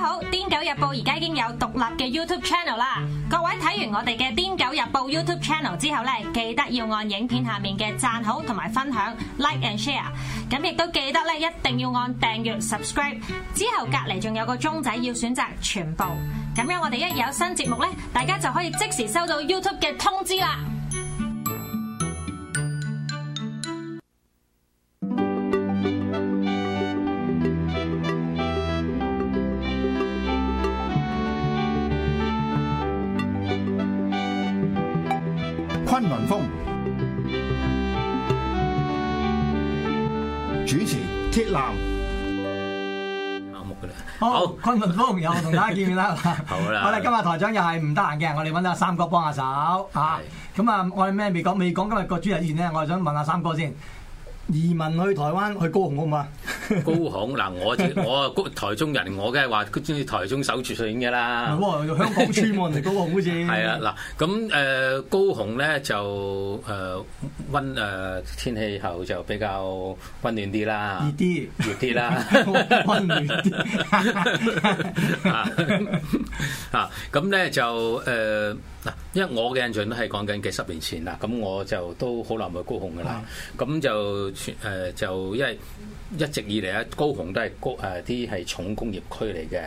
大家好，癲狗日報而家已經有獨立嘅 YouTube Channel 啦。各位睇完我哋嘅癲狗日報 YouTube Channel 之後咧，記得要按影片下面嘅讚好同埋分享 Like and Share。咁亦都記得咧，一定要按訂閱 Subscribe。之後隔籬仲有個鐘仔要選擇全部。咁樣我哋一有新節目咧，大家就可以即時收到 YouTube 嘅通知啦。好，崑崙風又同大家見面啦， 好啦， 我哋今日台長又係唔得閒嘅，我哋揾阿三哥幫下手，吓咁是啊，我哋咩未講，未講，今日個主題之前咧，我哋想問下三哥先。移民去台灣去高雄好嘛？高雄嗱，我即我啊台中人，我梗係話佢中意台中首選嘅啦。香港穿望嚟高雄好似。係啊，嗱咁誒，高雄咧就誒温誒天氣候就比較温暖啲啦。熱啲，熱啲啦。温暖啲啊！咁咧就誒。因為我嘅印象都係講緊幾十年前啦，咁我就都好難去高雄㗎啦，咁就誒、呃，就因為。一直以嚟咧，高雄都係高誒啲係重工業區嚟嘅，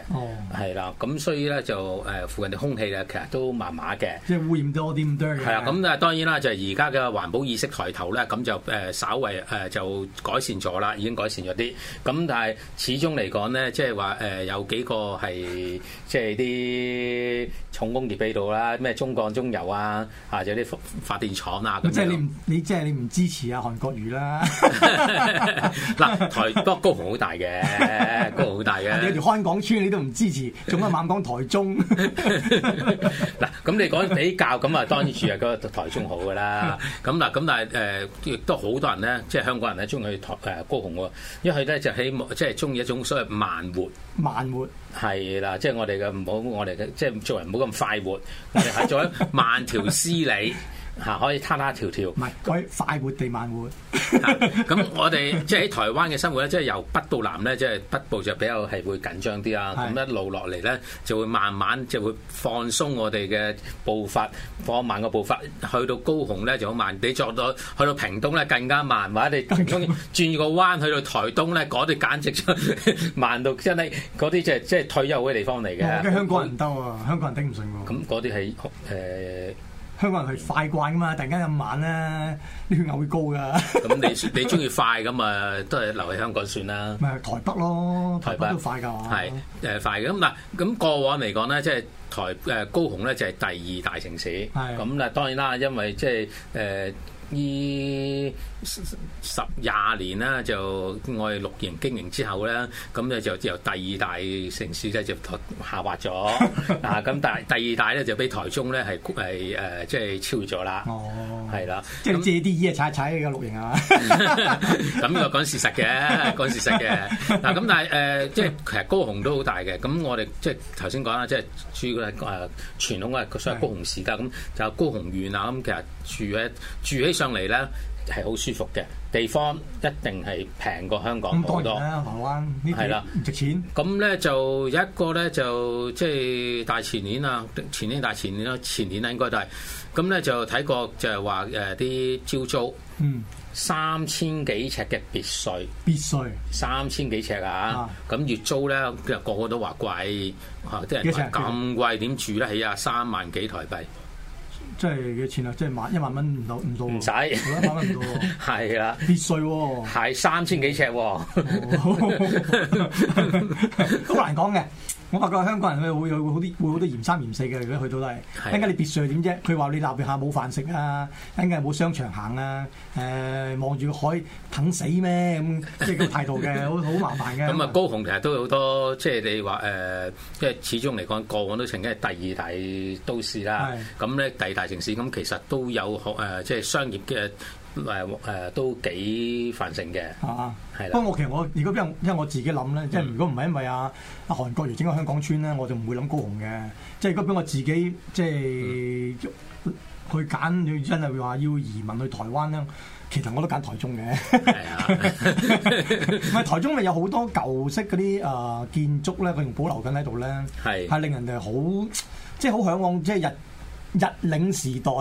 係啦、oh.，咁所以咧就誒、呃、附近嘅空氣咧，其實都麻麻嘅，即係污染多啲咁多嘅。係啊，咁啊當然啦，就係而家嘅環保意識抬頭咧，咁就誒、呃、稍為誒、呃、就改善咗啦，已經改善咗啲。咁但係始終嚟講咧，即係話誒有幾個係即係啲重工業喺度啦，咩中鋼中油啊，或者啲發電廠啊。咁即係你唔你即係你唔支持啊韓國瑜啦嗱。 台不過高雄好大嘅，高雄好大嘅。你住香港村，你都唔支持，做乜猛講台中？嗱，咁你講比較咁啊，當然住啊個台中好噶啦。咁嗱，咁但係誒，亦都好多人咧，即係香港人咧，中意去台誒高雄喎，因為佢咧就希望即係中意一種所謂慢活。慢活係啦，即係、就是、我哋嘅唔好，我哋嘅即係做人唔好咁快活，我哋係做一慢條斯理。 嚇、啊、可以攤攤條條，唔係佢快活地慢活。咁、 啊、我哋即係喺台灣嘅生活咧，即係由北到南咧，即係北部就比較係會緊張啲是啊。咁一路落嚟咧，就會慢慢就會放鬆我哋嘅步伐，放慢個步伐。去到高雄咧就好慢，你作到去到屏東咧更加慢。或者你中轉個彎去到台東咧，嗰啲簡直就 慢到真係嗰啲就即、是、係、就是、退休嘅地方嚟嘅。哦、香港人唔得啊，的香港人頂唔順喎。咁嗰啲係誒。呃香港人係快慣噶嘛，突然間咁晚咁慢咧，啲血壓會高噶 。咁你你中意快咁啊，都係留喺香港算啦。咪台北咯，台北，台北都快噶、啊。係誒，快嘅咁嗱，咁過往嚟講咧，即係。台誒高雄咧就係第二大城市，咁啦當然啦，因為即係誒呢十廿年啦，就我哋綠營經營之後咧，咁咧就由第二大城市咧就下滑咗，啊咁但係第二大咧就俾台中咧係係誒即係超咗啦，係啦，即係借啲嘢踩踩個綠營啊，咁又講事實嘅，講事實嘅，嗱咁但係誒即係其實高雄都好大嘅，咁我哋即係頭先講啦，即係住。誒傳統嘅，所屬高雄市噶咁，就是的 高雄縣啊咁，其實住咧住起上嚟咧係好舒服嘅地方，一定係平過香港好多。咁當然啦，台灣呢邊唔值錢。咁咧就一個咧就即係、就是、大前年啊，前年大前年啦，前年啦應該都係。咁咧就睇過就係話誒啲招租。嗯。三千幾尺嘅別墅，別墅，三千幾尺啊！咁、啊、月租咧，就個個都話貴，嚇啲幾尺人咁貴點住得起啊，三萬幾台幣，即係幾多錢啊？即係萬一萬蚊唔夠唔到，唔使，唔使，唔夠，係啊，別墅喎，係三千幾尺喎，好難講嘅。我發覺香港人佢會有會好啲會好多嫌三嫌四嘅，如果去到都係。點解是的 你別墅又點啫？佢話你立月下冇飯食啊，點解冇商場行啊？誒、呃，望住海等死咩？咁即係個態度嘅，好好 麻煩嘅。咁啊，高雄其實都有好多，即、就、係、是、你話誒，即、呃、係始終嚟講，過往都曾經係第二大都市啦。咁咧，第二大城市咁，其實都有好誒，即、呃、係、就是、商業嘅。呃誒誒都幾繁盛嘅，係啦、啊。不過的我其實我如果俾因為我自己諗咧，即係、嗯、如果唔係因為阿阿韓國瑜整個香港村咧，我就唔會諗高雄嘅。即係如果俾我自己即係、嗯、去揀，要真係話要移民去台灣咧，其實我都揀台中嘅。唔係的 台中咪有好多舊式嗰啲誒建築咧，佢仲保留緊喺度咧，係的令人哋好即係好嚮往，即係日。日領時代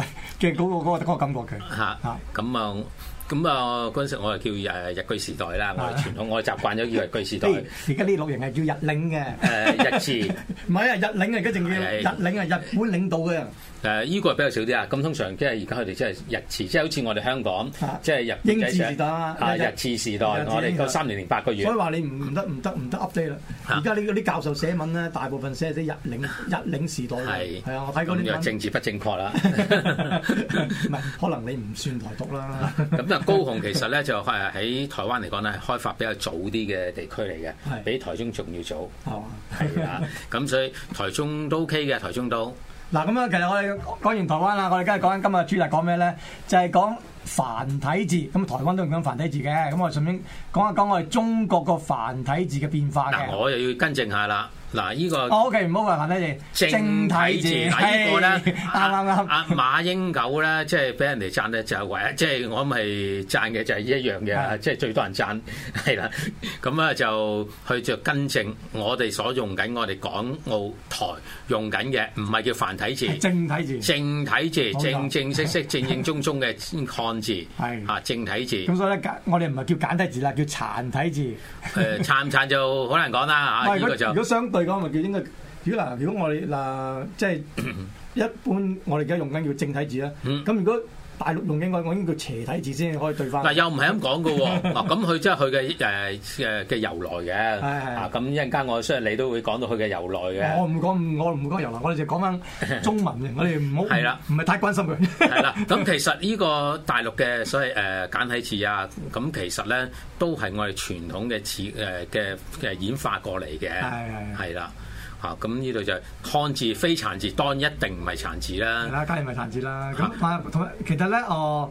嘅嗰個嗰個嗰個感覺嘅嚇，咁啊～咁啊，嗰陣時我哋叫誒日據時代啦，我哋傳統，我哋習慣咗叫日據時代。而家呢綠營係叫日領嘅。誒，日治唔係啊，日領而家仲叫日領啊，日本領導嘅。呢依個比較少啲啊。咁通常即係而家佢哋即係日治，即係好似我哋香港，即係日英治時代，日治時代，我哋三年零八個月。所以話你唔得唔得唔得 update 啦。而家呢啲教授寫文咧，大部分寫啲日領日領時代，係係啊，我睇嗰啲。政治不正確啦。唔係，可能你唔算台獨啦。咁高雄其實咧就係喺台灣嚟講咧，開發比較早啲嘅地區嚟嘅，的比台中仲要早。哦，係啊的，咁 所以台中都 OK 嘅，台中都。嗱，咁樣其實我哋講完台灣啦，我哋今日講今日主題講咩咧？就係、是、講繁體字。咁台灣都唔講繁體字嘅，咁我順便講一講我哋中國個繁體字嘅變化嘅。我又要更正下啦。嗱，呢個我 OK 唔好話繁體字正體字呢，呢個咧啱啱啱。阿、啊、馬英九咧，即係俾人哋讚咧，就為即係我咪讚嘅就係、是、呢一樣嘢，是的 即係最多人讚係啦。咁啊、嗯、就去就跟正我，我哋所用緊，我哋港澳台用緊嘅，唔係叫繁體字，正體字，正體字，正正式式、正正宗宗嘅漢字，係啊，正體字。咁所以咧我哋唔係叫簡體字啦，叫殘體字。誒、 呃，殘唔殘就好難講啦嚇。啊這個、如果如果相對就。我講咪叫應該，如果嗱，如果我哋嗱，即係一般，我哋而家用緊叫正體字啦。咁如果，大陸用英文我應該叫斜體字先可以對翻。嗱又唔係咁講嘅喎， 啊咁佢即係佢嘅誒嘅嘅由來嘅。 的啊咁一陣間我相信你都會講到佢嘅由來嘅。我唔講，我唔講由來，我哋就講翻中文 我哋唔好係啦，唔係的太關心佢。係 啦，咁其、呃啊、其實呢個大陸嘅所謂誒簡體字啊，咁其實咧都係我哋傳統嘅字誒嘅嘅演化過嚟嘅。係係啦。啊，咁呢度就漢字非殘字，當然一定唔係殘字啦。係啦，梗係唔係殘字啦。咁同埋其實咧，哦、呃，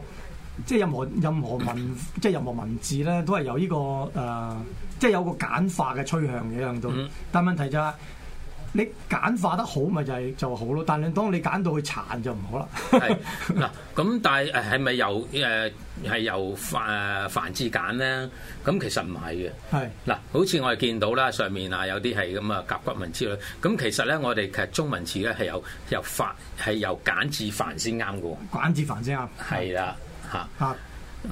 即係任何任何文， 即係任何文字咧，都係有呢個誒、呃，即係有個簡化嘅趨向嘅喺度。 但係問題就係你簡化得好咪就係就好咯，但係當你簡到佢殘就唔好啦。 係嗱，咁但係係咪由誒係、呃、由繁繁字簡咧？咁其實唔係嘅。係嗱是，好似我哋見到啦，上面啊有啲係咁啊甲骨文之類。咁其實咧，我哋其實中文字咧係由由繁係由簡字繁先啱嘅喎。簡字繁先啱。係啦的，嚇、啊。啊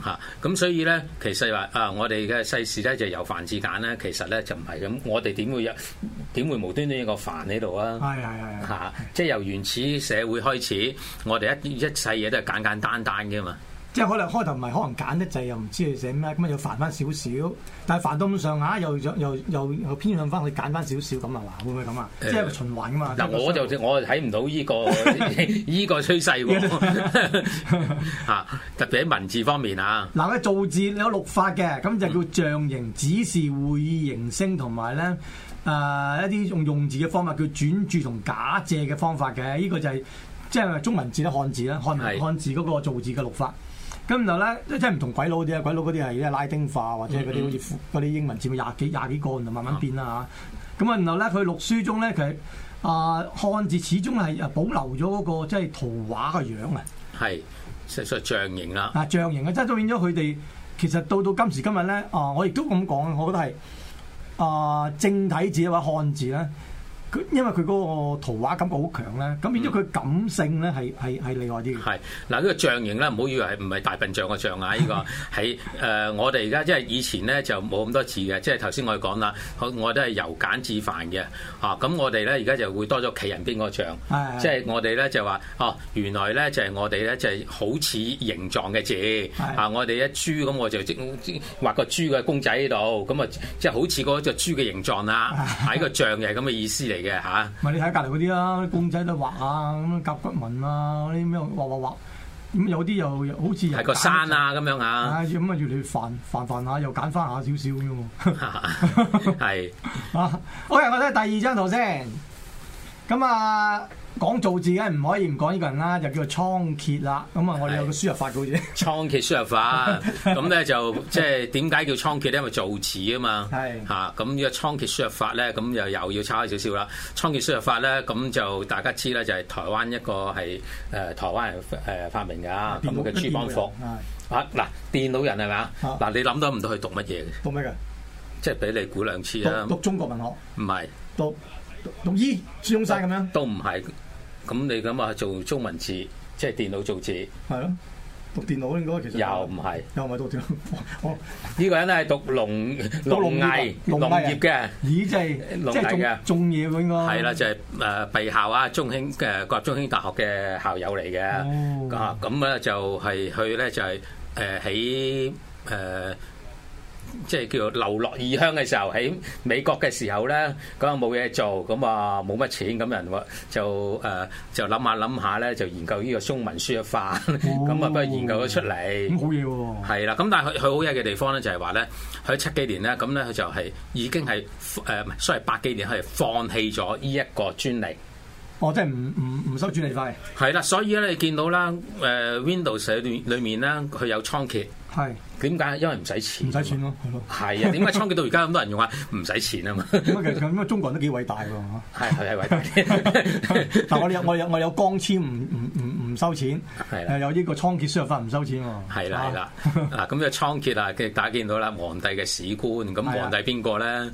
嚇！咁、啊、所以咧，其實話啊，我哋嘅世事咧就是、由繁至簡咧，其實咧就唔係咁。我哋點會有點會無端端一個繁喺度啊？係係係嚇！即係由原始社會開始，我哋一一,一世嘢都係簡簡單單嘅嘛。即係可能開頭唔係可能揀得滯，又唔知要寫咩，咁啊又煩翻少少。但係煩到咁上下，又又又又偏向翻去揀翻少少咁啊嘛，會唔會咁啊？即係循環㗎嘛。嗱，我就我睇唔到呢個呢個趨勢喎。特別喺文字方面呀。嗱，佢造字你有六法嘅，咁就叫象形、指示、會意、形聲同埋咧誒一啲用用字嘅方法叫轉注同假借嘅方法嘅。呢個就係即係中文字咧、漢字咧、漢文漢字嗰個造字嘅六法。咁然後咧，即係唔同鬼佬啲啊，鬼佬嗰啲係拉丁化或者嗰啲好似啲英文字母，廿幾廿幾個，然後慢慢變啦嚇。咁啊、嗯，然後咧佢錄書中咧，佢啊、呃、漢字始終係啊保留咗嗰、那個即係圖畫嘅樣啊。係，實在象形啦。啊，象形啊，即係都變咗佢哋。其實到到今時今日咧，啊、呃，我亦都咁講，我覺得係啊、呃、正體字或者漢字咧。佢因為佢個圖畫感覺好強咧，咁變咗佢感性咧係係係另外啲係嗱呢個象形咧，唔好、mm、以為係唔係大笨象，這個象啊！ 呢個係誒我哋而家即係以前咧就冇咁多字嘅，即係頭先我哋講啦，我都係由簡至繁嘅，嚇。咁、啊、我哋咧而家就會多咗企人邊個象， 即係我哋咧就話哦，原來咧就係我哋咧就係好似形狀嘅字 啊！我哋一豬咁我就即畫個豬嘅公仔喺度，咁啊即係好似嗰隻豬嘅形狀啊，喺個象又係咁嘅意思嚟。 嘅嚇，咪你睇隔離嗰啲啦，公仔都畫啊，咁甲骨文啊，嗰啲咩畫畫畫，咁有啲又好似係個山啊咁樣啊，咁啊越嚟越煩，煩煩下又揀翻下少少咁樣喎，係，好我睇第二張圖先，咁啊。講造字梗唔可以唔講呢個人啦，就叫做倉頡啦。咁啊，我哋有個輸入法嘅好似倉頡輸入法。咁咧就即係點解叫倉頡咧？因為造字啊嘛。係嚇，咁呢個倉頡輸入法咧，咁又又要差少少啦。倉頡輸入法咧，咁就大家知啦，就係台灣一個係誒台灣人誒發明㗎。咁嘅朱邦復啊嗱，電腦人係咪啊？嗱，你諗到唔到佢讀乜嘢？讀乜嘅？即係俾你估兩次啦。讀中國文學？唔係。讀讀醫？孫中山咁樣？都唔係。咁你咁啊做中文字，即係電腦做字。係咯，讀電腦應該其實又唔係，又唔係讀電腦。我呢個人係讀農，讀農藝、農業嘅。咦，即係即係種種嘢應該係啦，就係誒備校啊，中興嘅國立中興大學嘅校友嚟嘅。啊，咁啊就係去咧就係誒喺誒。即係叫做流落異鄉嘅時候，喺美國嘅時候咧，咁啊冇嘢做，咁啊冇乜錢，咁人就誒、呃、就諗下諗下咧，就研究呢個中文輸入法，咁啊不過研究咗出嚟，咁、哦哦、好嘢喎！係啦，咁但係佢佢好嘢嘅地方咧，就係話咧，佢七幾年咧，咁咧佢就係已經係誒唔係，所以八幾年佢係放棄咗呢一個專利。哦，即係唔唔唔收專利費。係啦，所以咧你見到啦，誒 Windows 裏面咧佢有倉頡。係，點解？因為唔使錢，唔使錢咯，係啊，點解倉頡到而家咁多人用啊？唔使錢啊嘛。點解其實咁？因為中國人都幾偉大㗎嘛。係係係偉大，但係我有我有我有光纖，唔唔唔唔收錢。係啊，有呢個倉頡輸入法唔收錢喎。係啦係啦。嗱咁就倉頡啊，跟住大家見到啦，黃帝嘅史官。咁黃帝邊個咧？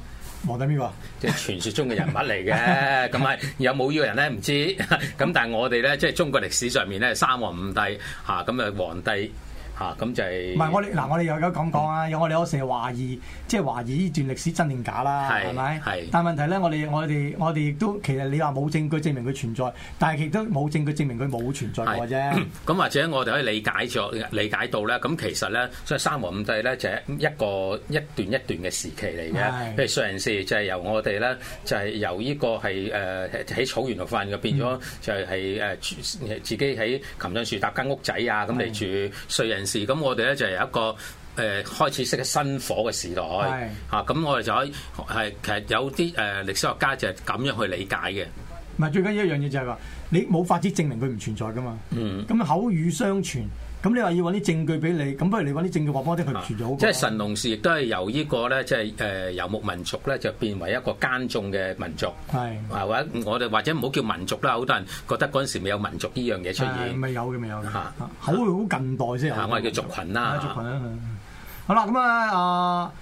黃帝邊個？即係傳說中嘅人物嚟嘅。咁係有冇呢個人咧？唔知。咁但係我哋咧，即係中國歷史上面咧，三皇五帝嚇咁啊，黃帝。嚇，咁就係唔係我哋嗱？我哋又有咁講啊！有我哋有成懷疑，即係懷疑呢段歷史真定假啦？係咪？係。但係問題咧，我哋我哋我哋亦都其實你話冇證據證明佢存在，但係亦都冇證據證明佢冇存在過啫。咁或者我哋可以理解咗、理解到咧，咁其實咧，所以三皇五帝咧就係一個一段一段嘅時期嚟嘅。係。譬如燧人氏就係由我哋咧，就係由呢個係誒喺草原度瞓咗變咗，就係係誒自己喺擒上樹搭間屋仔啊咁嚟住燧人。事咁，我哋咧就係一個誒、呃、開始識嘅新火嘅時代，嚇咁是、啊、我哋就可以其實有啲誒、呃、歷史學家就係咁樣去理解嘅。唔係最緊要一樣嘢就係、是、話你冇法子證明佢唔存在㗎嘛。嗯，咁口語相傳。咁、嗯、你話要揾啲證據俾你，咁不如你揾啲證據話翻啲佢存咗好、啊。即係神農氏亦都係由呢、呢個咧，即係誒遊牧民族咧，就變為一個耕種嘅民族。係是、啊，或者我哋或者唔好叫民族啦，好多人覺得嗰陣時未有民族呢樣嘢出現。未有嘅？未有嘅。好的，近代先。我哋叫族群啦。啊、族群啦，好啦，咁啊，啊、呃，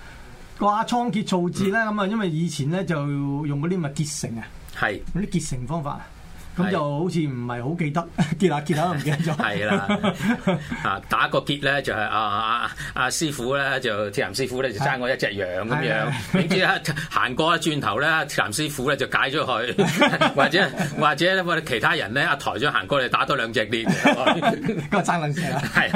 個阿倉頡造字咧，咁啊、嗯，因為以前咧就用嗰啲咪結繩啊，係嗰啲結繩方法。咁就好似唔係好記得，結下結下唔記得咗。係啦，啊打個結咧就係、是、啊啊啊師傅咧就鐵男師傅咧就爭我一隻羊咁的樣。點知啊行過一轉頭咧鐵男師傅咧就解咗佢。 或者或者或者其他人咧阿台張行過嚟打多兩隻鏈，咁啊爭兩隻啦。係。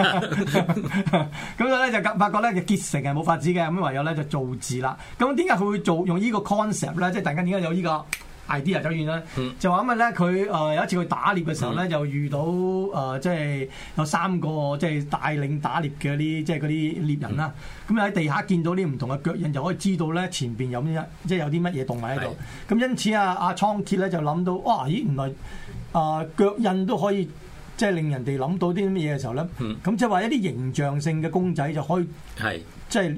咁咧就發覺咧結成係冇法子嘅，咁唯有咧就造字啦。咁點解佢會做用個呢個 concept 咧？即係突然間點解有呢、呢個？idea 走遠啦，嗯、就話咁咧？佢誒、呃、有一次去打獵嘅時候咧、嗯呃，就遇到誒即係有三個即係、就是、帶領打獵嘅啲即係嗰啲獵人啦。咁喺、嗯、地下見到啲唔同嘅腳印，就可以知道咧前邊有咩即係有啲乜嘢動物喺度。咁是的 因此啊，阿倉頡咧就諗到哇！咦，原來誒、呃、腳印都可以。即係令人哋諗到啲乜嘢嘅時候咧，咁、嗯、即係話一啲形象性嘅公仔就可以即，即係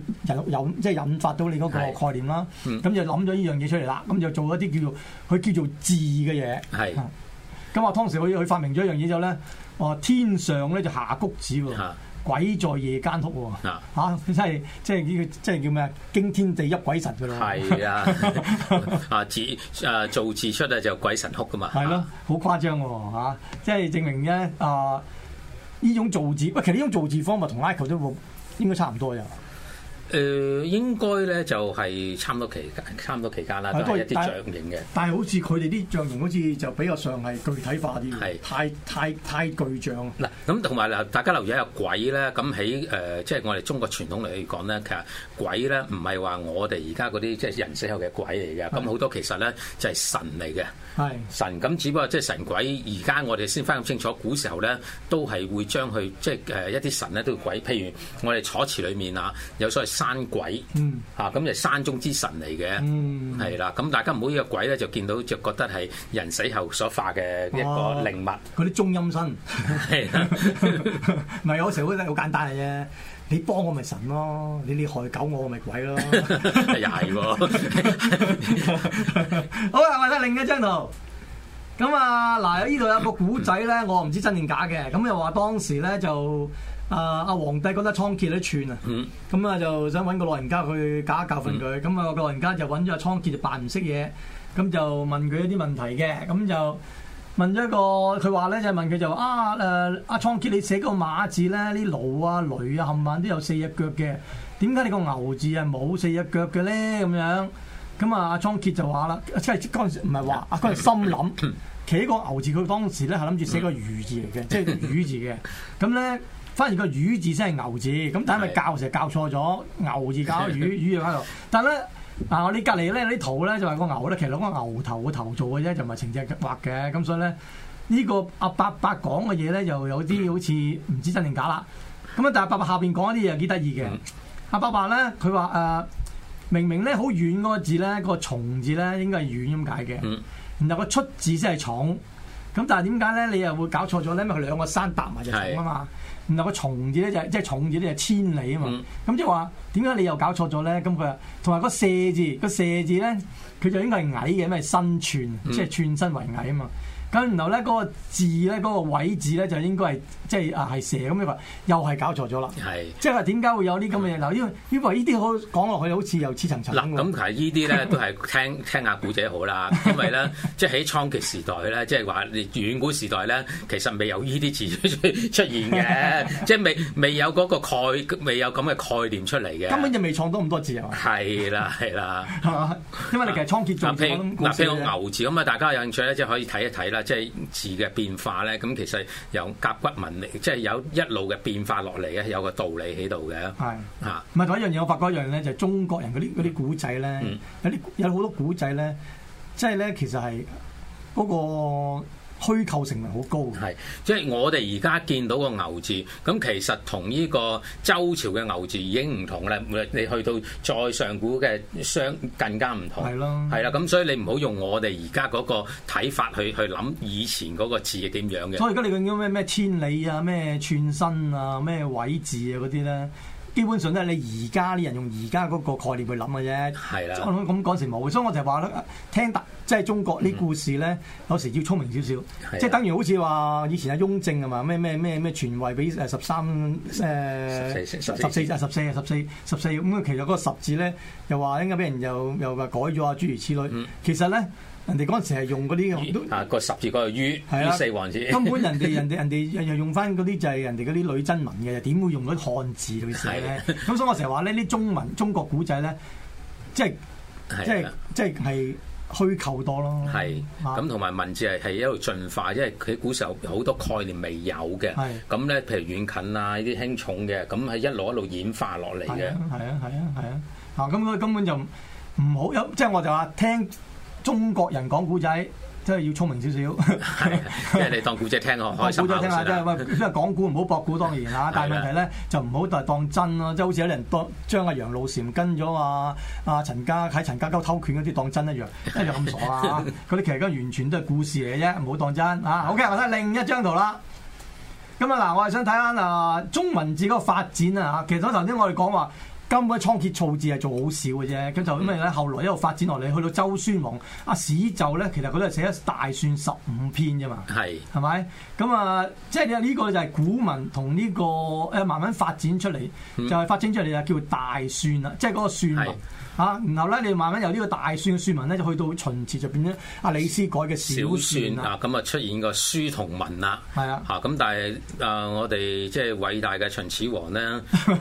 有即係引發到你嗰個概念啦。咁是、嗯、就諗咗依樣嘢出嚟啦，咁就做一啲叫做佢叫做字嘅嘢。咁是啊，當時我佢發明咗一樣嘢之後咧，哦，天上咧就下谷子喎。鬼在夜間哭喎，嚇、啊啊！真係即係呢個即係叫咩啊？驚天地泣鬼神噶咯，係啊！ 啊字啊造字出嚟就鬼神哭噶嘛，係咯、啊，好、啊、誇張喎，即係證明咧啊，呢種造字，其實呢種造字方法同拉 c o 都應該差唔多嘅。誒、呃、應該咧就係差唔多期間，差唔多期間啦，都係一啲象形嘅。但係好似佢哋啲象形好似就比較上係具體化啲，係是太太太具象。嗱咁同埋嗱，大家留意下有鬼咧。咁喺誒，即、呃、係、就是、我哋中國傳統嚟講咧，其實鬼咧唔係話我哋而家嗰啲即係人死後嘅鬼嚟嘅。咁好是多其實咧就係、是、神嚟嘅，係是神。咁只不過即係神鬼，而家我哋先翻咁清楚。古時候咧都係會將佢即係誒一啲神咧都叫鬼。譬如我哋楚辭裡面啊，有所謂。山鬼，啊咁就山中之神嚟嘅，係啦。咁大家唔好以為鬼咧，就見到就覺得係人死後所化嘅一個靈物。嗰啲中陰身，唔係，我成日都覺得好簡單嘅啫。你幫我咪神咯，你你害狗我咪鬼咯。又係喎。好啊，我睇另一張圖。咁啊，嗱，呢度有個古仔咧，我唔知真定假嘅。咁又話當時咧就。啊！阿皇帝覺得倉頡咧串啊，咁啊就想揾個老人家去搞一教訓佢。咁啊個老人家就揾咗阿倉頡，就扮唔識嘢，咁就問佢一啲問題嘅。咁就問咗一個，佢話咧就問佢就話啊誒阿倉頡，你寫個馬字咧，啲牛啊、驢啊，冚唪唥都有四隻腳嘅，點解你個牛字係冇四隻腳嘅咧？咁樣咁啊？阿倉頡就話啦，即係當時唔係話，阿佢心諗，企個牛字佢當時咧係諗住寫個魚字嚟嘅，即係魚字嘅。咁咧。反而個魚字先係牛字，咁但係咪教成日教錯咗牛字教咗魚，魚字喺度。但係咧啊，我哋隔離咧啲圖咧就係個牛咧，其實攞個牛頭個頭做嘅啫，就唔係成隻畫嘅。咁所以咧呢個阿伯伯講嘅嘢咧又有啲好似唔知真定假啦。咁啊，但係伯伯下邊講一啲嘢又幾得意嘅。阿伯伯咧佢話誒明明咧好遠嗰、那個字咧個重字咧應該係遠咁解嘅，然後個出字先係重。咁但係點解咧你又會搞錯咗咧？因為佢兩個山搭埋就重啊嘛。然後個重字咧就係即係重字咧就千里啊嘛，咁即係話點解你又搞錯咗咧？咁佢話同埋個射字、個射字咧，佢就應該係矮嘅，因為身寸 即係寸身為矮啊嘛。咁然後咧嗰個字咧，嗰、那個位字咧就應該係即係啊係蛇咁樣，又係搞錯咗啦。係是 即係點解會有呢咁嘅嘢？嗱、嗯，因為因為依啲好講落去好似又黐層層咁，其實呢啲咧都係聽， 聽聽下古仔好啦，因為咧 即係喺倉頡時代咧，即係話遠古時代咧，其實未有呢啲字出現嘅， 即係未未有嗰個概未有咁嘅概念出嚟嘅。根本就未創到咁多字啊！係啦係啦，係嘛、啊？因為你其實倉頡仲咗。嗱譬如牛字咁啊，大家有興趣即就可以睇一睇啦。即係字嘅變化咧，咁其實有甲骨文嚟，即係有一路嘅變化落嚟嘅，有個道理喺度嘅。係嚇的，唔係同一樣嘢，我發覺一樣咧，就係、中國人嗰啲啲古仔咧，有啲有好多古仔咧，即係咧其實係嗰、嗰個。虛構成份好高，係，即係我哋而家見到個牛字，咁其實同呢個周朝嘅牛字已經唔同咧。你去到再上古嘅商更加唔同，係咯是的，係啦，咁所以你唔好用我哋而家嗰個睇法去去諗以前嗰個字係點樣嘅。所以而家你見到咩咩千里啊，咩寸身啊，咩位字啊嗰啲咧。基本上都係，你而家啲人用而家嗰個概念去諗嘅啫，我諗咁講成無。所以我就話咧，聽大即係中國啲故事咧，嗯、有時要聰明少少，的即係等於好似話以前阿雍正啊嘛，咩咩咩咩傳位俾誒十三誒十四啊十四十四，啊、十四咁，嗯，其實嗰個十字咧又話應該俾人又又話改咗啊諸如此類，嗯、其實咧。人哋嗰陣時係用嗰啲 laser, 都啊個十字嗰、嗰個於於四劃字，看根本人哋人哋人哋又用翻嗰啲就係人哋嗰啲女真文嘅，點會用嗰啲漢字嚟寫咧？咁所以我成日話呢啲中文中國古仔咧，即係即係即係係虛構多咯。係咁，同埋文字係係一路進化，因為佢古時候好多概念未有嘅。咁咧，譬如遠近啊，呢啲輕重嘅，咁係一路的一路演化落嚟嘅。係啊，係啊，係啊。啊，咁佢根本就唔唔好，即係我就話聽。中國人講古仔真係要聰明少少，因為你當古仔聽咯，古仔聽下，真係，因為講古唔好博古當然嚇，但係問題咧就唔好就係當真咯、啊， 即係好似有啲人當將阿楊露蟬跟咗嘛、啊，阿陳家喺陳家溝偷拳嗰啲當真一樣，一樣咁傻啊！嗰啲 其實都完全都係故事嚟嘅啫，唔好當真啊！好、okay, 嘅，我睇另一張圖啦。咁啊嗱，我係想睇下啊中文字嗰個發展啊嚇，其實頭先我哋講話。根本倉頡造字係做好少嘅啫，咁就因為咧，後來一路發展落嚟，去到周宣王阿史籀咧，其實佢都係寫咗《大篆》十五篇啫嘛，係係咪？咁啊，即係你呢個就係古文同呢、呢個誒慢慢發展出嚟，是就係發展出嚟就叫《大篆》啦，即係嗰個篆文。啊，然後咧，你慢慢由呢個大篆嘅說文咧，就去到秦始就變咗阿李斯改嘅小篆啊，咁啊出現個書同文啦。係啊，嚇咁但係啊，我哋即係偉大嘅秦始皇咧，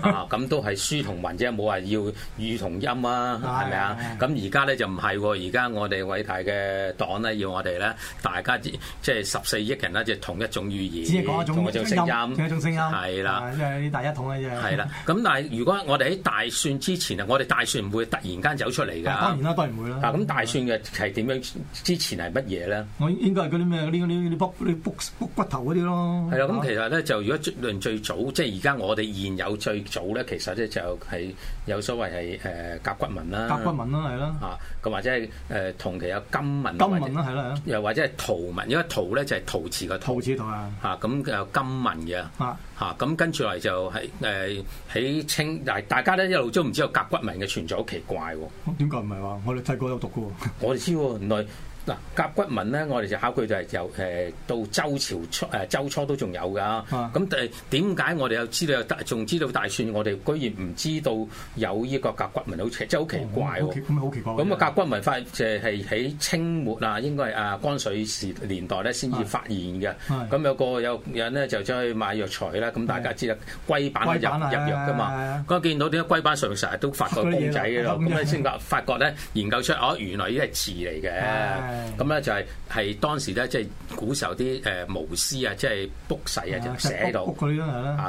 啊咁都係書同文即係，冇話要語同音啊，係咪啊？咁而家咧就唔係喎，而家我哋偉大嘅黨咧要我哋咧，大家即係十四億人咧就同一種語言，同一種聲音，同一種聲音，係啦，即係大一統嘅嘢。係啦。咁但係如果我哋喺大篆之前啊，我哋大篆唔會然間走出嚟㗎，當然啦，當然唔會啦。啊，咁大篆嘅係點樣？之前係乜嘢咧？我應該係嗰啲咩？啲啲啲卜啲骨骨頭嗰啲咯。係啦，咁其實咧就如果論最早，即係而家我哋現有最早咧，其實咧就係、是。有所謂係誒甲骨文啦，甲骨文啦係啦。嚇咁或者係誒、呃、同期有金文，金文啦係啦，又或者係陶文，因為陶咧就係陶瓷嘅陶瓷，同埋咁有金文嘅，嚇嚇咁跟住嚟就係誒喺清，但係大家咧一路都唔知有甲骨文嘅、啊啊就是呃、存在。好奇怪喎，點解唔係話我哋細個有讀過嘅 我哋知喎，原來。嗱，甲骨文咧，我哋就考佢就係由誒到周朝初誒、呃、周初都仲有㗎，咁誒點解我哋又知，知道有大，仲知道大蒜，我哋居然唔知道有呢個甲骨文，好似真係好奇怪，咁好奇怪。咁啊甲骨文發現就係喺清末啊，應該係啊乾水時年代咧先至發現嘅。咁的有個有人咧就走去買藥材啦，咁大家知啦，龜板入入藥㗎嘛。佢見到點解龜板上成日都發個公仔㗎咯，咁啊先、哦嗯哦嗯哦嗯、發發覺咧，研究出哦原來呢係字嚟嘅。 咁咧、嗯、就係、是、係當時咧，即、就、係、是、古時候啲誒巫師啊，即係卜筮啊，就寫到啊，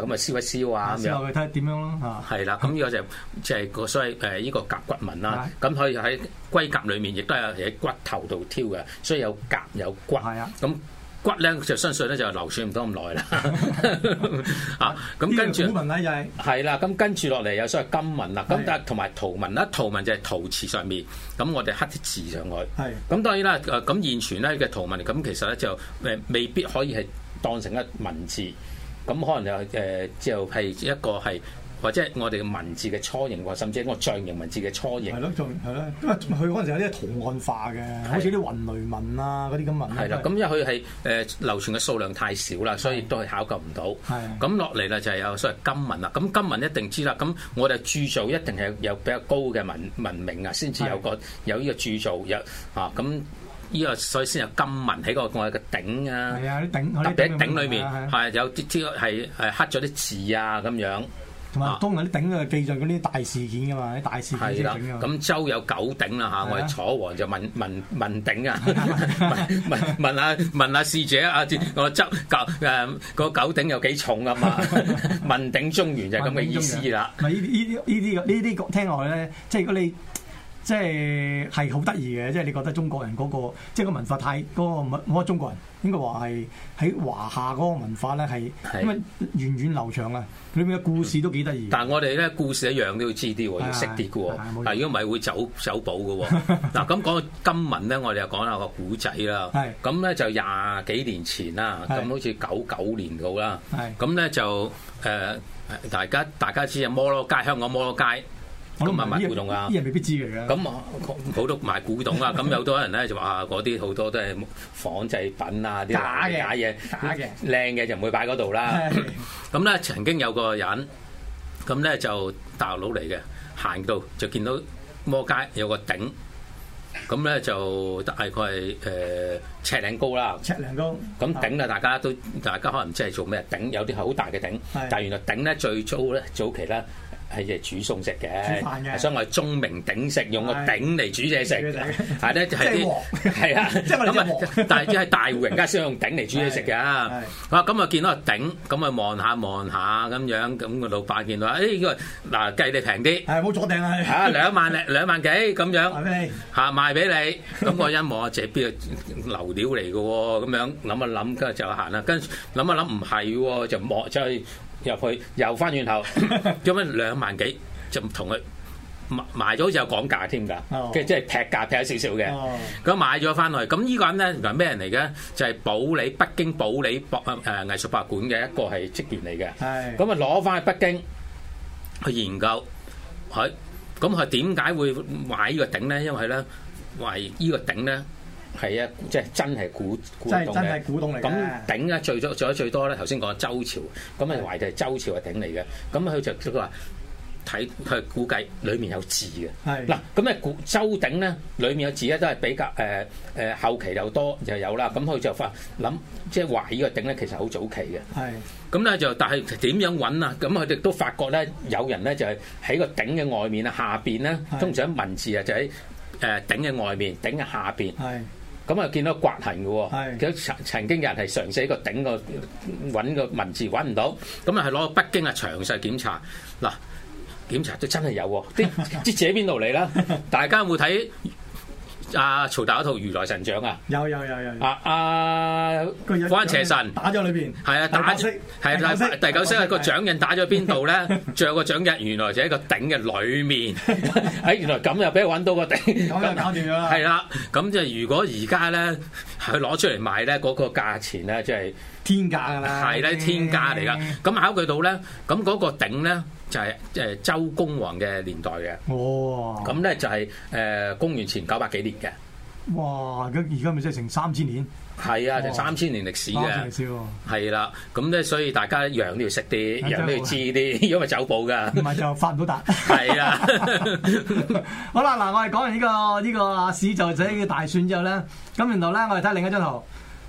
咁啊燒一燒啊，咁啊睇下點樣咯嚇。係啦的，咁呢個就即係個所謂誒呢個甲骨文啦、啊，咁所以喺龜甲裏面亦都係喺骨頭度挑嘅，所以有甲、有骨。係啊的，咁、嗯。骨咧就相信，咧就流傳唔到咁耐啦， 啊咁跟住文係、啊、啦，咁、就是、跟住落嚟有所謂金文啦，咁但係同埋陶文啦，陶文就係陶瓷上面，咁我哋刻啲字上去。係咁的當然啦，咁現存咧嘅陶文咁其實咧就誒未必可以係當成一文字，咁可能就誒就係係一個係。或者我哋嘅文字嘅初型，或者甚至係個象形文字嘅初型，係咯，仲係咯，因為佢嗰陣時有啲圖案化嘅，好似啲雲雷紋啊嗰啲咁嘅。係啦，咁因為佢係誒流傳嘅數量太少啦，所以都係考究唔到。係咁落嚟啦，就係有所謂金文啦。咁金文一定知啦。咁我哋鑄造一定係有比較高嘅文文明啊，先至有個有呢個鑄造有啊。咁呢個所以先有金文喺個我哋嘅鼎啊。係啊，啲鼎特別喺鼎裏面係有啲呢個係係刻咗啲字啊咁樣。同埋，當日啲鼎啊，記載嗰啲大事件噶嘛，啲大事件先頂噶嘛。咁周有九鼎啦嚇，我哋楚王就問問問鼎啊，問問問阿問阿侍者啊，我執九誒個九鼎有幾重啊嘛？問鼎中原就係咁嘅意思啦。呢啲呢啲呢啲個呢啲個聽落去咧，即係如果你。即係係好得意嘅，即係你覺得中國人嗰個即係個文化太嗰個冇乜中國人，應該話係喺華夏嗰個文化咧係因為源遠流長啊，裏面嘅故事都幾得意。但係我哋咧故事一樣都要知啲，要識啲嘅喎。嗱，如果唔係會走走寶嘅喎。嗱，咁講到金文咧，我哋又講下個古仔啦。咁咧就廿幾年前啦，咁好似九九年到啦。咁咧就誒大家大家知啊，摩羅街香港摩羅街。我都賣賣古董噶，啲嘢未必真嘅。咁啊，好多賣古董啊，咁有多人咧就話啊，嗰啲好多都係仿製品啊，啲假嘅，假嘢，假嘅，靚嘅就唔會擺嗰度啦。咁咧曾經有個人，咁咧就大學佬嚟嘅，行到就見到摩街有個頂，咁咧就大概係誒尺零高啦，尺零高。咁頂啊，大家都大家可能唔知係做咩頂，有啲係好大嘅頂，但係原來頂咧最早咧，早期咧。係誒煮餸食嘅，所以我係鐘鳴鼎食，用個鼎嚟煮嘢食。係咧就係啲係啊，即係我啲鑊。但係啲係大戶人家先用鼎嚟煮嘢食㗎。啊咁啊見到個鼎，咁啊望下望下咁樣，咁個老闆見到話：誒呢個嗱計你平啲，係冇坐定啊嚇兩萬兩萬幾咁樣賣俾你嚇賣俾你。咁我一望阿謝彪流料嚟嘅喎，咁樣諗一諗，跟住就行啦。跟住諗一諗唔係，就望就係。入去又翻轉頭，做乜兩萬幾就同佢賣賣咗，又講價添㗎，即係劈價劈少少嘅。咁買咗翻去，咁呢個人咧原來係咩人嚟嘅？就係保利北京保利博誒藝術博物館嘅，一個係職員嚟嘅。咁啊攞翻去北京去研究佢，咁佢點解會買呢個頂咧？因為咧為呢個頂咧。係啊，即係、就是、真係古古董真係古董嚟嘅。咁頂咧最咗最咗最多咧，頭先講周朝，咁啊懷疑係周朝嘅頂嚟嘅。咁佢就都話睇佢估計裏面有字嘅。係嗱是，咁啊古周鼎咧，裏面有字咧都係比較誒誒、呃、後期又多又有啦。咁佢就發諗，即係、就是、懷疑個頂咧其實好早期嘅。係咁咧就，但係點樣揾啊？咁佢哋都發覺咧，有人咧就係、是、喺個頂嘅外面啊，下邊咧通常文字啊就喺誒頂嘅外面，頂嘅下邊。係是。咁啊，見到刮痕嘅喎，佢曾曾經有人係嘗試一個頂個揾個文字揾唔到，咁啊係攞去北京啊詳細檢查嗱，檢查都真係有啲即係寫邊度嚟啦， 是大家會睇。阿曹達嗰套如來神掌啊，有有有有啊！阿關邪神打咗裏邊，係啊打色係第九色個掌印打咗邊度咧？仲有個掌印原來就喺個頂嘅裏面。哎，原來咁又俾佢揾到個頂，咁又搞掂咗啦。係啦，咁就如果而家咧佢攞出嚟賣咧，嗰個價錢咧即係。天價噶啦，係咧天價嚟噶。咁考佢到咧，咁嗰個鼎咧就係誒周公王嘅年代嘅。哦。咁咧就係誒公元前九百幾年嘅。哇！而家咪即係成三千年。係啊，成三千年歷史嘅。係啦。咁咧，所以大家羊都要識啲，人都要知啲，因為走寶噶。唔係就發唔到達。係啊。好啦，嗱，我哋講完呢個呢個史在者嘅大篆之後咧，咁然後咧我哋睇另一張圖。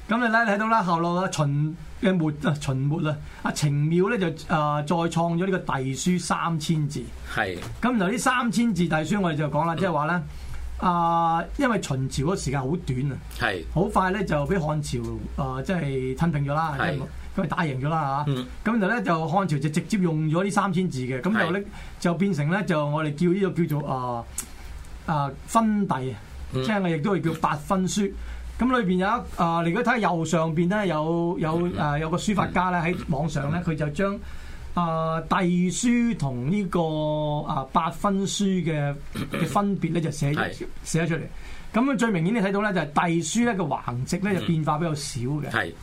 咁你咧睇到啦，後來啊秦嘅末啊秦末啦，阿程邈咧就啊再創咗呢個隸書三千字。係。咁然後呢三千字隸書，我哋就講啦，即係話咧啊，因為秦朝嗰時間好短啊，係。好快咧就俾漢朝啊，即係吞並咗啦，咁為打贏咗啦嚇。咁然後咧就漢朝就直接用咗呢三千字嘅，咁然後就變成咧就我哋叫呢個叫做啊啊分隸，聽啊亦都係叫八分書。咁裏邊有一啊，你、呃、如果睇右上邊咧，有有誒、呃、有個書法家咧喺網上咧，佢就將、呃這個、啊隸書同呢個啊八分書嘅嘅分別咧就寫是寫咗出嚟。咁最明顯你睇到咧就係、是、隸書咧個橫直咧就變化比較少嘅。係是，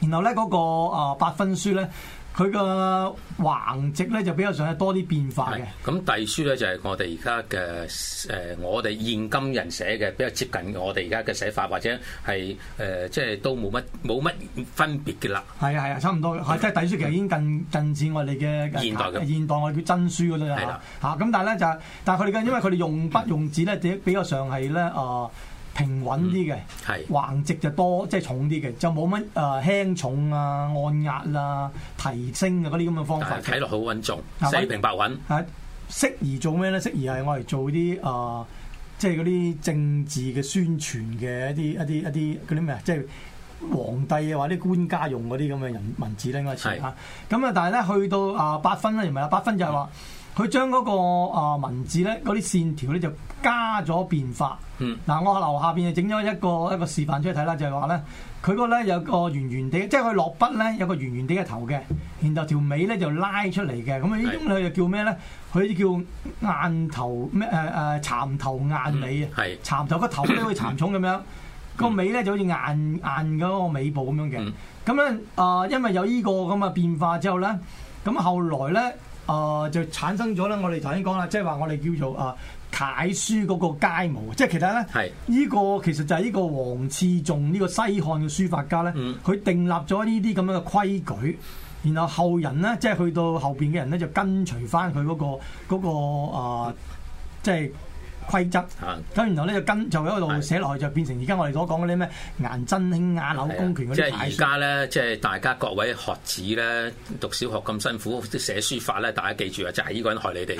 然後咧嗰、那個啊、呃、八分書咧。佢個橫直咧就比較上係多啲變化嘅。咁隸書咧就係我哋而家嘅誒，我哋現今人寫嘅比較接近我哋而家嘅寫法，或者係誒、呃，即係都冇乜冇乜分別嘅啦。係啊係啊，差唔多。係即係隸書其實已經近近似我哋嘅現代嘅。的現代我哋叫真書嘅喇的啊。嚇咁但係咧就，但係佢哋嘅因為佢哋用筆用紙咧，比較上係咧啊。呃平穩啲嘅，嗯、橫直就多，係即係重啲嘅，就冇乜誒輕重啊、按壓啦、啊、提升啊嗰啲咁嘅方法。睇落好穩重，四平八穩。啊，適宜做咩咧？適宜係我哋做啲誒、呃，即係嗰啲政治嘅宣傳嘅一啲一啲一啲嗰啲咩啊？即係皇帝啊，或者官家用嗰啲咁嘅人文字咧，應該似啊。咁係啊，但係咧去到啊八、呃、分咧，又唔係啊，八分就係話、嗯。佢將嗰個文字咧，嗰啲線條咧就加咗變化。嗯，嗱，我樓下邊就整咗一個一個示範出嚟睇啦，就係話咧，佢嗰咧有個圓圓地，即係佢落筆咧有個圓圓地嘅頭嘅，然後條尾咧就拉出嚟嘅。咁啊，呢種佢就叫咩咧？佢叫雁頭咩？誒誒，蠶頭雁尾啊，蠶頭個頭咧好似蠶蟲咁樣，個尾咧就好似雁雁嗰個尾部咁樣嘅。咁咧啊，因為有呢個咁嘅變化之後咧，咁後來咧。啊、呃，就產生咗咧，我哋頭先講啦，即係話我哋叫做啊楷書嗰個楷模，即係其他咧，呢是個其實就係呢個王次仲呢、呢個西漢嘅書法家咧，佢、嗯、定立咗呢啲咁樣嘅規矩，然後後人咧，即係去到後邊嘅人咧，就跟隨翻佢嗰個嗰、嗰個、呃、即係，規則，咁然後咧就跟就喺度寫落去，就變成而家我哋所講嗰啲咩顏真卿啊、柳公權嗰啲，即係而家咧，即係大家各位學子咧讀小學咁辛苦，即係寫書法咧，大家記住啊，就係呢個人害你哋。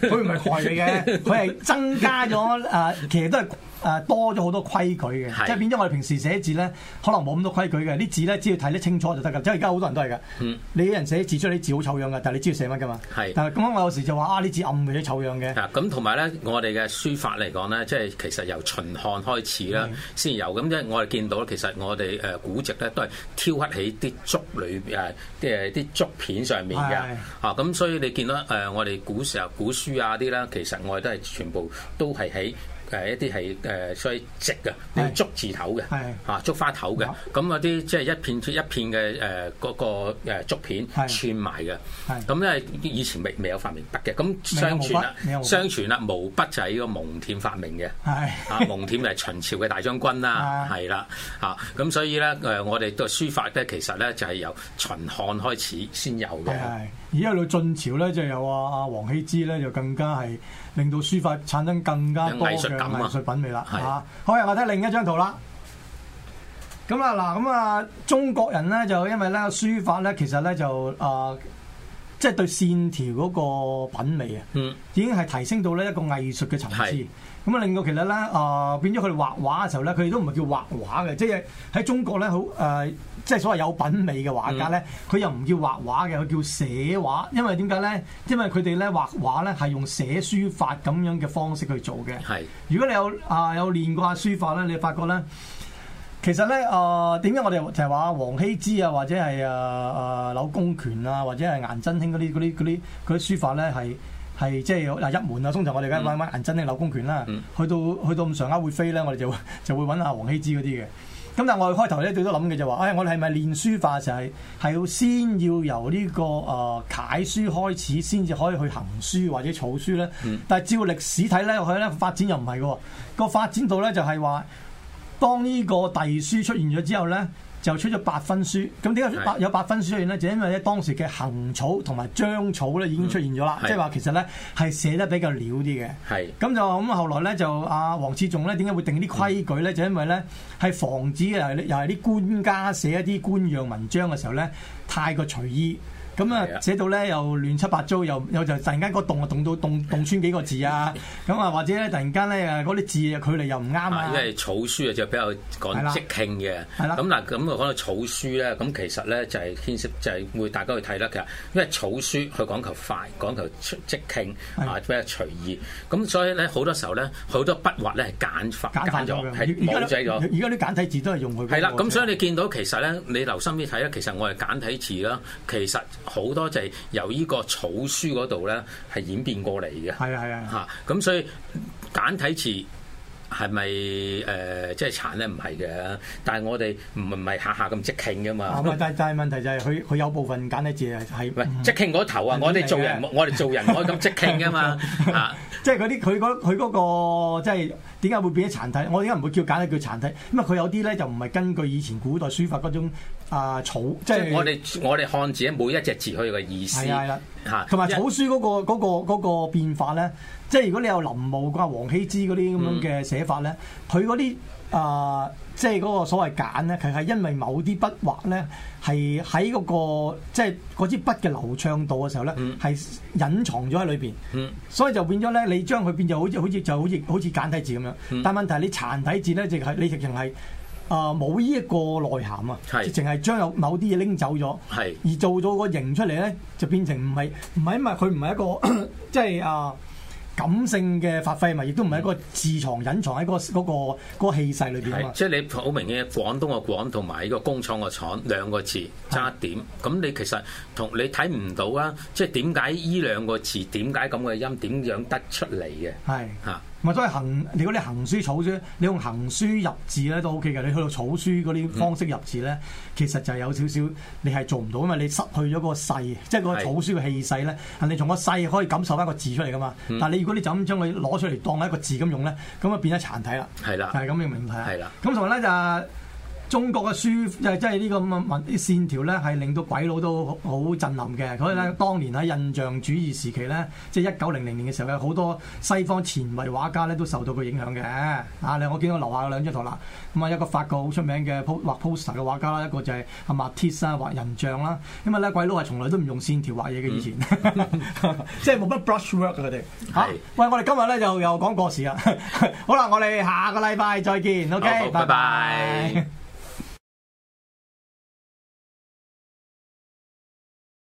佢唔係害你嘅，佢係增加咗誒，其實都係誒多咗好多規矩嘅，是的 即係變咗我哋平時寫字咧，可能冇咁多規矩嘅，啲字咧只要睇得清楚就得㗎。即係而家好多人都係㗎，你啲人寫字出嚟啲字好醜樣㗎，但係你知道寫乜㗎嘛？係是的，但係咁我有時就話 Ramsay linen 的啊，啲字暗嘅啲醜樣嘅，咁同。grading plains nice 同埋咧，我哋嘅書法嚟講咧，即係其實由秦漢開始啦，先由咁即係我哋見到其實我哋誒古籍咧都係挑刻起啲竹裏誒，即係啲竹片上面嘅的啊，咁所以你見到誒我哋古時候古書啊啲啦，其實我哋都係全部都係喺。誒一啲係誒所以直嘅，係竹字頭嘅，嚇是的、啊、竹花頭嘅，咁嗰啲即係一片一片嘅誒嗰個竹片串埋嘅，咁是的 因為以前未未有發明筆嘅，咁相傳啦，相傳啦，毛筆就係呢個蒙恬發明嘅，嚇、 啊、蒙恬就係秦朝嘅大將軍啦，係啦，嚇咁所以咧誒我哋嘅書法咧，其實咧就係由秦漢開始先有嘅。而家到晉朝咧，就有啊啊王羲之咧，就更加係令到書法產生更加多嘅藝術品味啦。嚇、啊啊，是好，我睇另一張圖啦。咁啊嗱，咁啊中國人咧就因為咧書法咧，其實咧、呃、就啊，即係對線條嗰個品味啊，嗯、已經係提升到呢一個藝術嘅層次。咁啊是，令到其實咧啊、呃，變咗佢哋畫畫嘅時候咧，佢哋都唔係叫畫畫嘅，即係喺中國咧好誒。呃呃即係所謂有品味嘅畫家咧，佢又唔叫畫畫嘅，佢叫寫畫。因為點解咧？因為佢哋咧畫畫咧係用寫書法咁樣嘅方式去做嘅。係是。如果你有啊、呃、有練過下書法咧，你發覺咧，其實咧啊點解我哋就係話王羲之啊，或者係啊啊柳公權啊，或者係顏真卿嗰啲啲啲啲書法咧，係係即係嗱一門啊。通常我哋而家揾揾顏真卿、柳公權啦、啊嗯，去到去到咁上下會飛咧，我哋就就會揾下王羲之嗰啲嘅。咁但係我哋開頭咧最多諗嘅就係話，唉、我哋係咪練書法就係係要先要由呢、這個誒楷、呃、書開始，先至可以去行書或者草書咧？嗯、但係照歷史睇咧，佢咧發展又唔係嘅，個、哦嗯、發展到咧就係、是、話。當呢個隸書出現咗之後咧，就出咗八分書。咁點解八有八分書出現咧？就因為咧當時嘅行草同埋章草咧已經出現咗啦，即係話其實咧係寫得比較潦啲嘅。係咁、嗯、就咁後來咧就阿、啊、王次仲咧點解會定啲規矩咧？嗯、就因為咧係防止又又係啲官家寫一啲官樣文章嘅時候咧太過隨意。咁啊、嗯、寫到咧又亂七八糟，又又就突然間嗰棟啊棟到棟棟穿幾個字啊！咁、嗯、啊或者咧突然間咧誒嗰啲字嘅距離又唔啱啊！即係草書啊，就比較講即興嘅。係啦了。咁嗱、嗯，咁啊講到草書咧，咁其實咧就係牽涉，就係會大家去睇得㗎因為草書佢講求快，講求即興啊，的比較隨意。咁所以咧好多時候咧，好多筆畫咧係簡化簡咗法，係冇寫咗。而家啲簡體字都係用佢、那個。係啦，咁所以你見到其實咧，你留心啲睇咧，其實我係簡體字啦。其實。好多就係由呢個草書嗰度咧係演變過嚟嘅，係啊係啊嚇，咁所以簡體字係咪誒即係殘咧？唔係嘅，但係我哋唔係唔係下下咁即傾噶嘛。但係但係問題就係佢佢有部分簡體字係係即傾嗰頭啊？我哋做人我哋做人可以咁即傾噶嘛嚇，即係嗰啲佢佢嗰個即係。點解會變咗殘體？我點解唔會叫簡體叫殘體？因為佢有啲咧就唔係根據以前古代書法嗰種啊草，即係我哋我哋漢字咧每一隻字佢嘅意思啦，嚇同埋草書嗰、嗰個嗰嗰個變化咧，即係如果你有臨摹掛王羲之嗰啲咁樣嘅寫法咧，佢嗰啲啊。即係嗰個所謂簡咧，其實係因為某啲筆畫咧，係喺嗰個即係嗰支筆嘅流暢度嘅時候咧，係、嗯、隱藏咗喺裏邊。嗯、所以就變咗咧，你將佢變就好似好似就好似好似簡體字咁樣。嗯、但問題係你殘體字咧，就係、是、你直情係啊冇呢個內涵啊，直情係將有某啲嘢拎走咗，是 而做咗個形出嚟咧，就變成唔係唔係因為佢唔係一個即係 啊。感性嘅發揮係咪亦都唔係一個自藏隱藏喺嗰、嗰個嗰、嗰個嗰、嗰個氣勢裏邊是嗎？即係你好明顯，廣東嘅廣同埋呢個工廠嘅廠兩個字的差點，咁你其實同你睇唔到啊！即係點解呢兩個字點解咁嘅音點樣得出嚟嘅？係嚇的。咪都係行，如果你嗰啲行書草書，你用行書入字咧都 O K 嘅。你去到草書嗰啲方式入字咧，嗯、其實就係有少少你係做唔到，因為你失去咗個勢，即係個草書嘅氣勢咧。你從個勢可以感受翻個字出嚟噶嘛。但係你如果你就咁將佢攞出嚟當一個字咁用咧，咁啊變咗殘體啦。係啦的，係咁明問題。係啦。咁同埋咧就是。中國嘅書即係呢個咁嘅文啲線條咧，係令到鬼佬都好震撼嘅。所以咧，當年喺印象主義時期咧，即係一九零零年嘅時候，有好多西方前衞畫家咧都受到佢影響嘅。啊，你我見到樓下兩張圖啦。咁啊，一個法國好出名嘅畫 poster 嘅畫家啦，一個就係阿馬蒂斯啦，畫人像啦。因為咧，鬼佬係從來都唔用線條畫嘢嘅，以前、嗯、 即係冇乜 brushwork 嘅佢哋嚇是、啊。喂，我哋今日咧就又講過時啦。 好啦，我哋下個禮拜再見。OK，好拜拜。